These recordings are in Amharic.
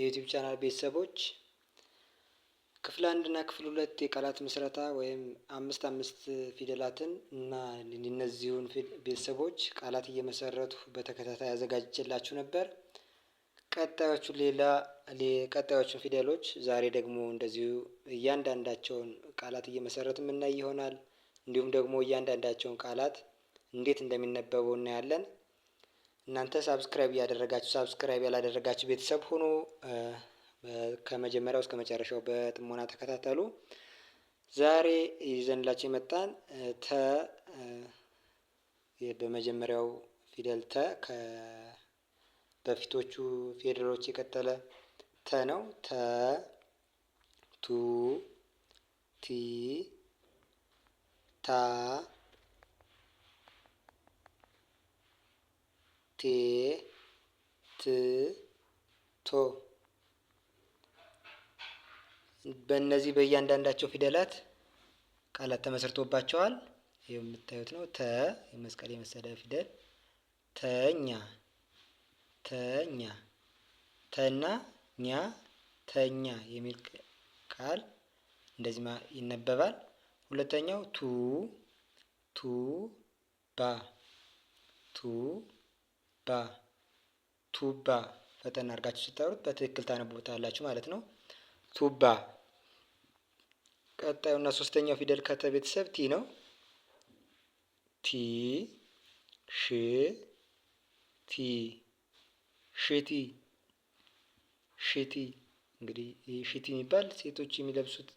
የዩቲዩብ ቻናል ቤተሰቦች ክፍል አንድ እና ክፍል ሁለት የቃላት ምስረታ ወይም አምስት አምስት ፊደላትን እና እነዚሁን ቤተሰቦች ቃላት እየመሰረቱ በተከታታይ ያዘጋጅችላችሁ ነበር። ቀጣዮቹ ሌላ ቀጣዮቹን ፊደሎች ዛሬ ደግሞ እንደዚሁ እያንዳንዳቸውን ቃላት እየመሰረት የምናይ ይሆናል። እንዲሁም ደግሞ እያንዳንዳቸውን ቃላት እንዴት እንደሚነበቡ እናያለን። እናንተ ሳብስክራይብ እያደረጋችሁ ሳብስክራይብ ያላደረጋችሁ ቤተሰብ ሆኖ ከመጀመሪያው እስከ መጨረሻው በጥሞና ተከታተሉ። ዛሬ ይዘንላችሁ የመጣን ተ በመጀመሪያው ፊደል ተ በፊቶቹ ፊደሎች የቀጠለ ተ ነው። ተ ቱ ቲ ታ ቴ ት ቶ በእነዚህ በእያንዳንዳቸው ፊደላት ቃላት ተመስርቶባቸዋል። የምታዩት ነው። ተ የመስቀል የመሰለ ፊደል ተኛ ተኛ ተና ኛ ተኛ የሚል ቃል እንደዚህ ይነበባል። ሁለተኛው ቱ ቱ ባ ቱ ባ ቱባ ፈጠን አድርጋችሁ ስጠሩት በትክክል ታነቡታላችሁ ማለት ነው። ቱባ። ቀጣዩና ሶስተኛው ፊደል ከተ ቤተሰብ ቲ ነው። ቲ ሽ ቲ ሽቲ ሽቲ። እንግዲህ ሽቲ የሚባል ሴቶች የሚለብሱት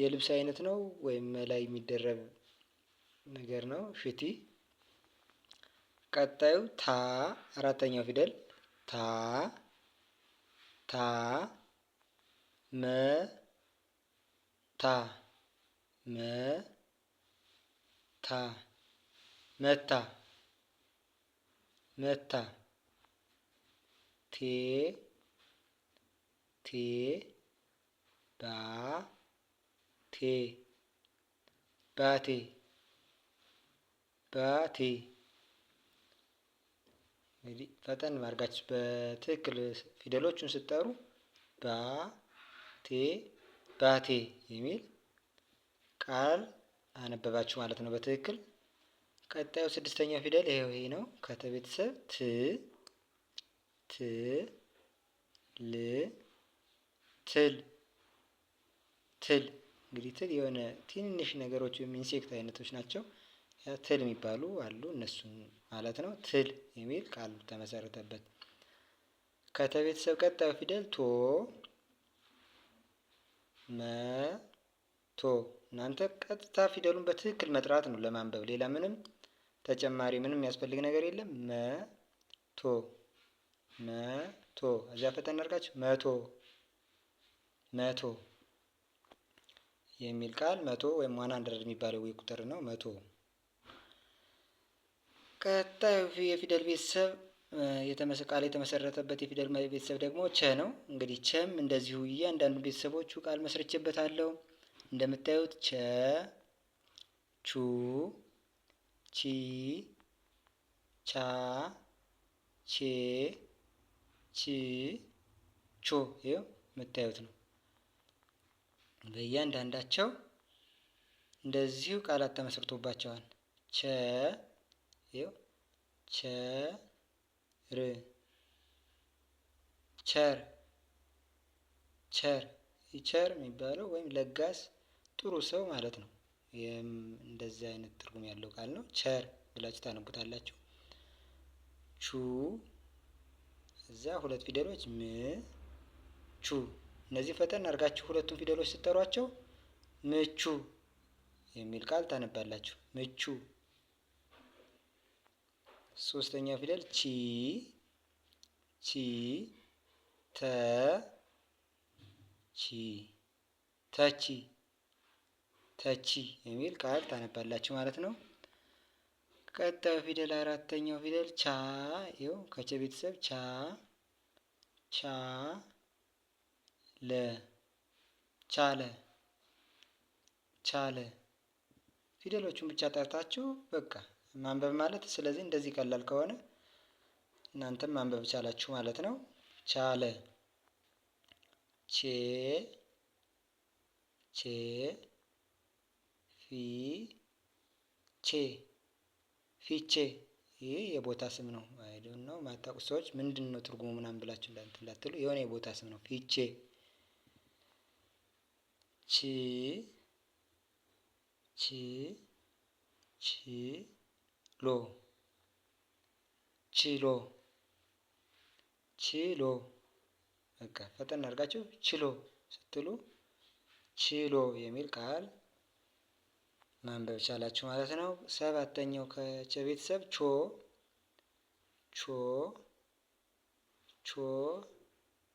የልብስ አይነት ነው፣ ወይም ላይ የሚደረብ ነገር ነው ሽቲ ቀጣዩ ታ አራተኛው ፊደል ታ ታ መ ታ መ ታ መታ መታ ቴ ቴ ባ ቴ ባቴ ባቴ እንግዲህ ፈጠን ማርጋች በትክክል ፊደሎቹን ስጠሩ ባቴ ባቴ የሚል ቃል አነበባችሁ ማለት ነው በትክክል። ቀጣዩ ስድስተኛው ፊደል ይሄው ይሄ ነው። ከተ ቤተሰብ ት ት ል ትል ትል። እንግዲህ ትል የሆነ ትንንሽ ነገሮች ወይም ኢንሴክት አይነቶች ናቸው። ትል የሚባሉ አሉ እነሱን ማለት ነው። ትል የሚል ቃል ተመሰረተበት። ከተቤተሰብ ቀጣዩ ፊደል ቶ መ ቶ። እናንተ ቀጥታ ፊደሉን በትክክል መጥራት ነው ለማንበብ። ሌላ ምንም ተጨማሪ ምንም የሚያስፈልግ ነገር የለም። መ ቶ መ ቶ። እዚያ ፈተና አድርጋችሁ መቶ መቶ የሚል ቃል መቶ ወይም ዋን ሀንድረድ የሚባለው ቁጥር ነው መቶ ቀጣዩ የፊደል ቤተሰብ ቃል የተመሰረተበት የፊደል ቤተሰብ ደግሞ ቸ ነው። እንግዲህ ቸም እንደዚሁ እያንዳንዱ ቤተሰቦቹ ቃል መስርቼበታለሁ። እንደምታዩት ቸ፣ ቹ፣ ቺ፣ ቻ፣ ቼ፣ ቺ፣ ቾ ይኸው የምታዩት ነው። በእያንዳንዳቸው እንደዚሁ ቃላት ተመስርቶባቸዋል ቸ ይኸው ቸር ቸር ቸር ቸር የሚባለው ወይም ለጋስ ጥሩ ሰው ማለት ነው። ይህም እንደዚህ አይነት ትርጉም ያለው ቃል ነው። ቸር ብላችሁ ታነቡታላችሁ። ቹ እዛ ሁለት ፊደሎች ም ቹ። እነዚህ ፈተን አድርጋችሁ ሁለቱም ፊደሎች ስጠሯቸው ምቹ የሚል ቃል ታነባላችሁ። ምቹ ሶስተኛ ፊደል ቺ ቺ ተ ቺ ተቺ ተቺ የሚል ቃል ታነባላችሁ ማለት ነው። ቀጣዩ ፊደል አራተኛው ፊደል ቻ ይኸው ከቸ ቤተሰብ ቻ ቻ ለ ቻለ ቻለ ፊደሎቹን ብቻ ጠርታችሁ በቃ ማንበብ ማለት ስለዚህ እንደዚህ ቀላል ከሆነ እናንተም ማንበብ ቻላችሁ ማለት ነው። ቻለ ቼ ቼ ፊ ቼ ፊቼ ይህ የቦታ ስም ነው። አይዶን ነው ማታውቁ ሰዎች ምንድን ነው ትርጉሙ ምናምን ብላችሁ እንዳትሉ የሆነ የቦታ ስም ነው። ፊቼ ቺ ቺ ቺ ሎ ችሎ ችሎ በቃ ፈጠን አድርጋችሁ ችሎ ስትሉ ችሎ የሚል ቃል ማንበብ ቻላችሁ ማለት ነው። ሰባተኛው ከቸ ቤተሰብ ቾ ቾ ቾ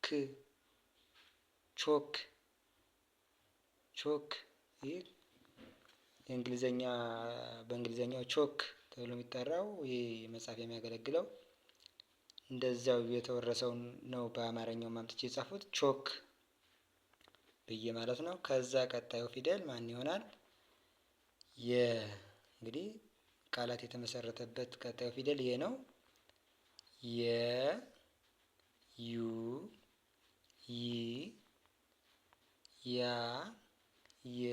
ክ ቾክ ቾክ ይህ የእንግሊዘኛ በእንግሊዘኛው ቾክ ተብሎ የሚጠራው ይህ መጽሐፍ የሚያገለግለው እንደዚያው የተወረሰውን ነው። በአማርኛው ማምጥቼ የጻፉት ቾክ ብዬ ማለት ነው። ከዛ ቀጣዩ ፊደል ማን ይሆናል? የ እንግዲህ ቃላት የተመሰረተበት ቀጣዩ ፊደል ይሄ ነው። የ ዩ ይ ያ የ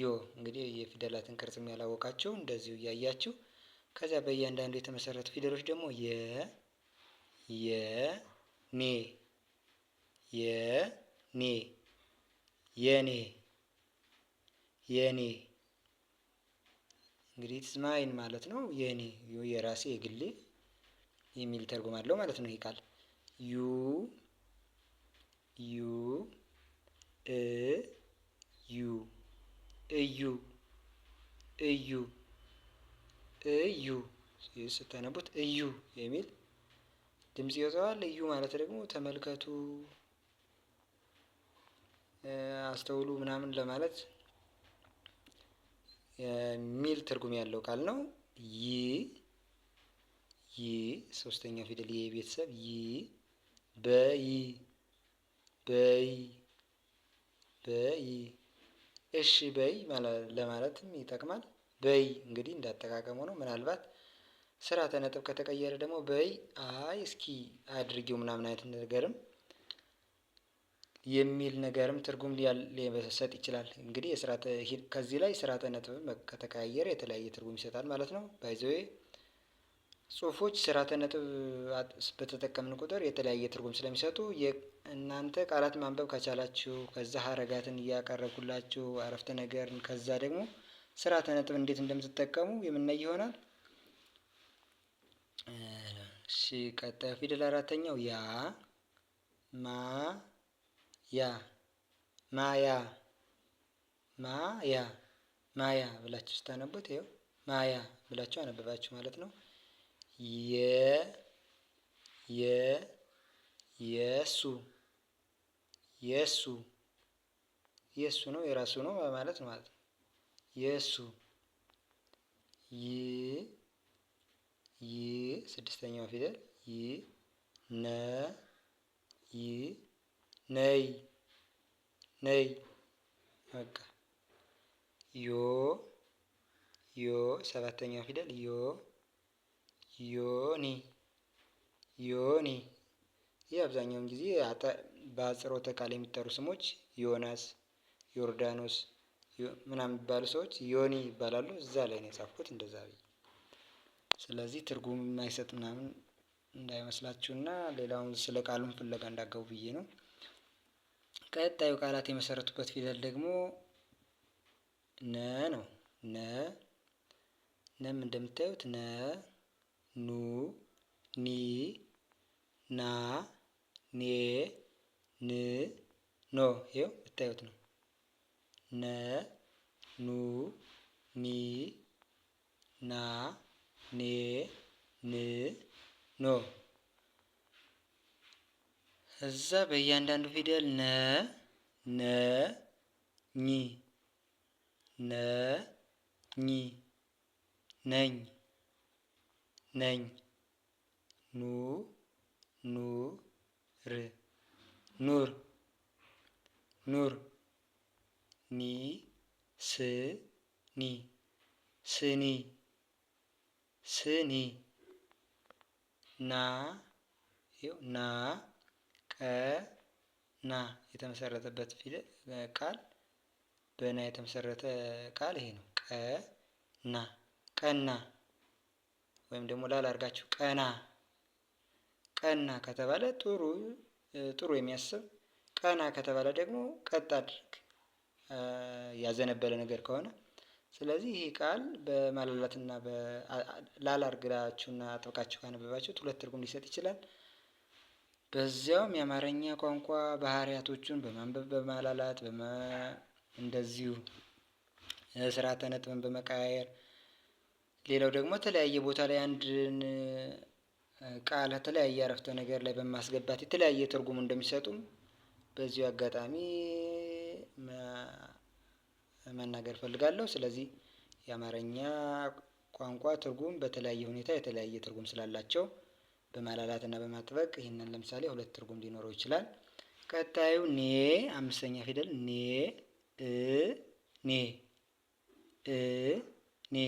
ዮ እንግዲህ የፊደላትን ቅርጽ ያላወቃቸው እንደዚሁ እያያችሁ ከዚያ በእያንዳንዱ የተመሰረቱ ፊደሎች ደግሞ የ የ ኔ የ ኔ የኔ የኔ እንግዲህ ትስማይን ማለት ነው። የኔ የራሴ የግሌ የሚል ተርጉም አለው ማለት ነው። ይህ ቃል ዩ ዩ እ ዩ እዩ እዩ እዩ ስታነቡት እዩ የሚል ድምጽ ይወጣዋል። እዩ ማለት ደግሞ ተመልከቱ፣ አስተውሉ ምናምን ለማለት የሚል ትርጉም ያለው ቃል ነው። ይ ይ ሶስተኛው ፊደል ይ ቤተሰብ ይ በይ በይ በይ እሺ በይ ለማለትም ይጠቅማል። በይ እንግዲህ እንዳጠቃቀሙ ነው። ምናልባት ስርዓተ ነጥብ ከተቀየረ ደግሞ በይ አይ እስኪ አድርጊው ምናምን አይነት ነገርም የሚል ነገርም ትርጉም ሊሰጥ ይችላል። እንግዲህ የስርዓተ ከዚህ ላይ ስርዓተ ነጥብ ከተቀያየረ የተለያየ ትርጉም ይሰጣል ማለት ነው። ባይዘዌ ጽሁፎች ስርዓተ ነጥብ በተጠቀምን ቁጥር የተለያየ ትርጉም ስለሚሰጡ እናንተ ቃላት ማንበብ ከቻላችሁ ከዛ ሀረጋትን እያቀረብኩላችሁ አረፍተ ነገርን ከዛ ደግሞ ስርዓተ ነጥብ እንዴት እንደምትጠቀሙ የምናይ ይሆናል። እሺ ቀጣዩ ፊደል አራተኛው ያ ማ ያ ማያ ማያ ማያ ብላችሁ ስታነቡት ይኸው ማያ ብላችሁ አነበባችሁ ማለት ነው። የ የ የሱ የእሱ የእሱ ነው የራሱ ነው ማለት ነው ማለት ነው። የእሱ ይ ይ ስድስተኛው ፊደል ይ ነ ይ ነይ ነይ በቃ ዮ ዮ ሰባተኛው ፊደል ዮ ዮኒ ዮኒ ይህ አብዛኛውን ጊዜ በአጽሮተ ቃል የሚጠሩ ስሞች ዮናስ፣ ዮርዳኖስ ምናምን የሚባሉ ሰዎች ዮኒ ይባላሉ። እዛ ላይ ነው የጻፍኩት እንደዛ። ስለዚህ ትርጉም የማይሰጥ ምናምን እንዳይመስላችሁና ሌላውን ስለ ቃሉን ፍለጋ እንዳገቡ ብዬ ነው። ቀጣዩ ቃላት የመሰረቱበት ፊደል ደግሞ ነ ነው። ነ ነም እንደምታዩት ነ፣ ኑ፣ ኒ፣ ና፣ ኔ ን ኖ ይኸው ብታዩት ነው። ነ ኑ ኒ ና ኔ ን ኖ እዛ በእያንዳንዱ ፊደል ነ ነ ኝ ነ ኝ ነኝ ነኝ ኑ ኑ ር ኑር ኑር ኒ ስ ኒ ስኒ ስኒ ና ና ቀ ና የተመሰረተበት ፊደል ቃል በና የተመሰረተ ቃል ይሄ ነው። ቀ ና ቀና ወይም ደግሞ ላላ አድርጋችሁ ቀና ቀና ከተባለ ጥሩ ጥሩ የሚያስብ ቀና ከተባለ ደግሞ ቀጥ አድርግ ያዘነበለ ነገር ከሆነ ስለዚህ ይህ ቃል በማላላትና ላላርግላችሁና አጥብቃችሁ ካነበባችሁት ሁለት ትርጉም ሊሰጥ ይችላል። በዚያውም የአማርኛ ቋንቋ ባህሪያቶቹን በማንበብ በማላላት እንደዚሁ ስርዓተ ነጥብን በመቀያየር ሌላው ደግሞ የተለያየ ቦታ ላይ አንድን ቃል የተለያየ አረፍተ ነገር ላይ በማስገባት የተለያየ ትርጉም እንደሚሰጡም በዚሁ አጋጣሚ መናገር ፈልጋለሁ። ስለዚህ የአማርኛ ቋንቋ ትርጉም በተለያየ ሁኔታ የተለያየ ትርጉም ስላላቸው በማላላት እና በማጥበቅ ይህንን ለምሳሌ ሁለት ትርጉም ሊኖረው ይችላል። ቀጣዩ ኔ አምስተኛ ፊደል ኔ እ ኔ እ ኔ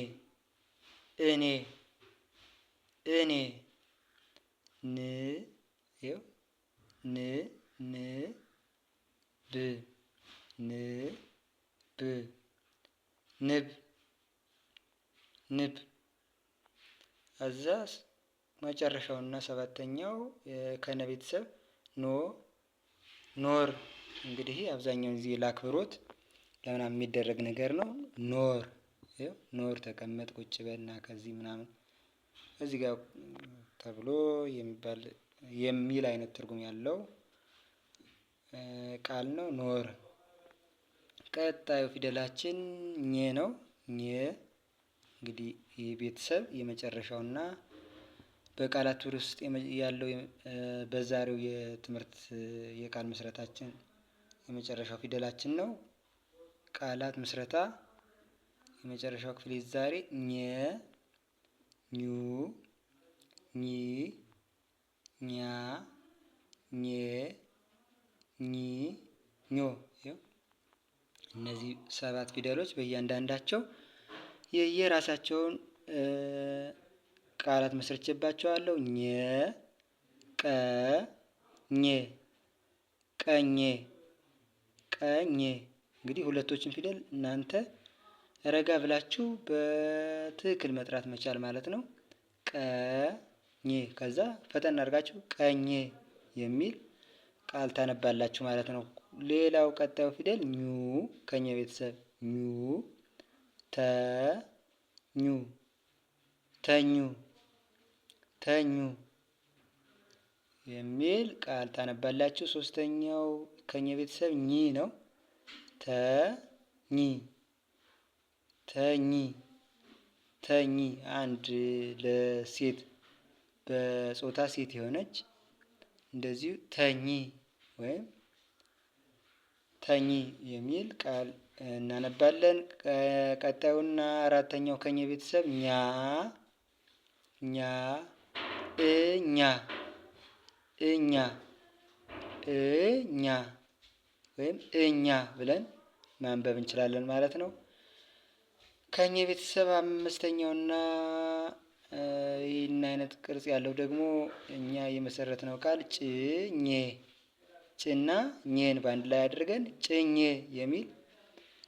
እኔ እኔ ን ይኸው ን ን ብ ን ብ ንብ ንብ እዛ መጨረሻው እና ሰባተኛው ከነ ቤተሰብ ኖ ኖር እንግዲህ አብዛኛውን ጊዜ ለአክብሮት ለምናምን የሚደረግ ነገር ነው። ኖር ኖር ተቀመጥ ቁጭ በና ከዚህ ምናምን እዚህ ጋር ተብሎ የሚባል የሚል አይነት ትርጉም ያለው ቃል ነው። ኖር ቀጣዩ ፊደላችን ኘ ነው። ኘ እንግዲህ የቤተሰብ የመጨረሻውና በቃላት ውስጥ ያለው በዛሬው የትምህርት የቃል ምስረታችን የመጨረሻው ፊደላችን ነው። ቃላት ምስረታ የመጨረሻው ክፍል ዛሬ ኘ ኙ ኝ ኛ ኜ ኚ ኞ። እነዚህ ሰባት ፊደሎች በእያንዳንዳቸው የየራሳቸውን ቃላት መስርቼባቸዋለሁ። ኘ ቀ ኘ ቀኘ ቀኘ። እንግዲህ ሁለቶችን ፊደል እናንተ ረጋ ብላችሁ በትክክል መጥራት መቻል ማለት ነው። ቀ ከዛ ፈጠን አድርጋችሁ ቀኝ የሚል ቃል ታነባላችሁ ማለት ነው። ሌላው ቀጣዩ ፊደል ኙ ከኛ ቤተሰብ ኙ ተ ኙ ተኙ ተኙ የሚል ቃል ታነባላችሁ። ሶስተኛው ከኛ ቤተሰብ ኚ ነው። ተኚ ተኚ ተኚ አንድ ለሴት በጾታ ሴት የሆነች እንደዚሁ ተኚ ወይም ተኚ የሚል ቃል እናነባለን። ቀጣዩና አራተኛው ከኝ ቤተሰብ ኛ ኛ እኛ እኛ እኛ ወይም እኛ ብለን ማንበብ እንችላለን ማለት ነው። ከኝ ቤተሰብ አምስተኛውና ይህን አይነት ቅርጽ ያለው ደግሞ እኛ የመሰረትነው ቃል ጭኜ ጭና ኜን በአንድ ላይ አድርገን ጭኜ የሚል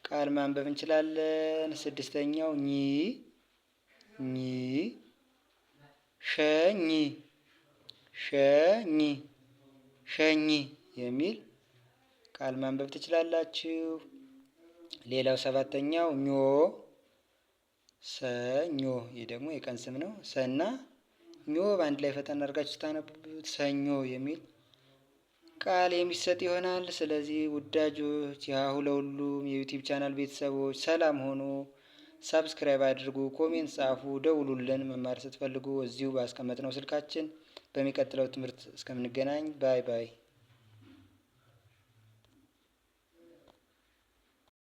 ቃል ማንበብ እንችላለን። ስድስተኛው ኚ ኚ ሸኝ ሸኝ ሸኚ የሚል ቃል ማንበብ ትችላላችሁ። ሌላው ሰባተኛው ኞ ሰኞ ይህ ደግሞ የቀን ስም ነው። ሰና ኞ በአንድ ላይ ፈጠን አድርጋችሁ ስታነቡት ሰኞ የሚል ቃል የሚሰጥ ይሆናል። ስለዚህ ውዳጆች የሀሁ ለሁሉም የዩቲዩብ ቻናል ቤተሰቦች ሰላም ሆኖ ሳብስክራይብ አድርጉ፣ ኮሜንት ጻፉ፣ ደውሉልን። መማር ስትፈልጉ እዚሁ ባስቀመጥነው ስልካችን። በሚቀጥለው ትምህርት እስከምንገናኝ ባይ ባይ።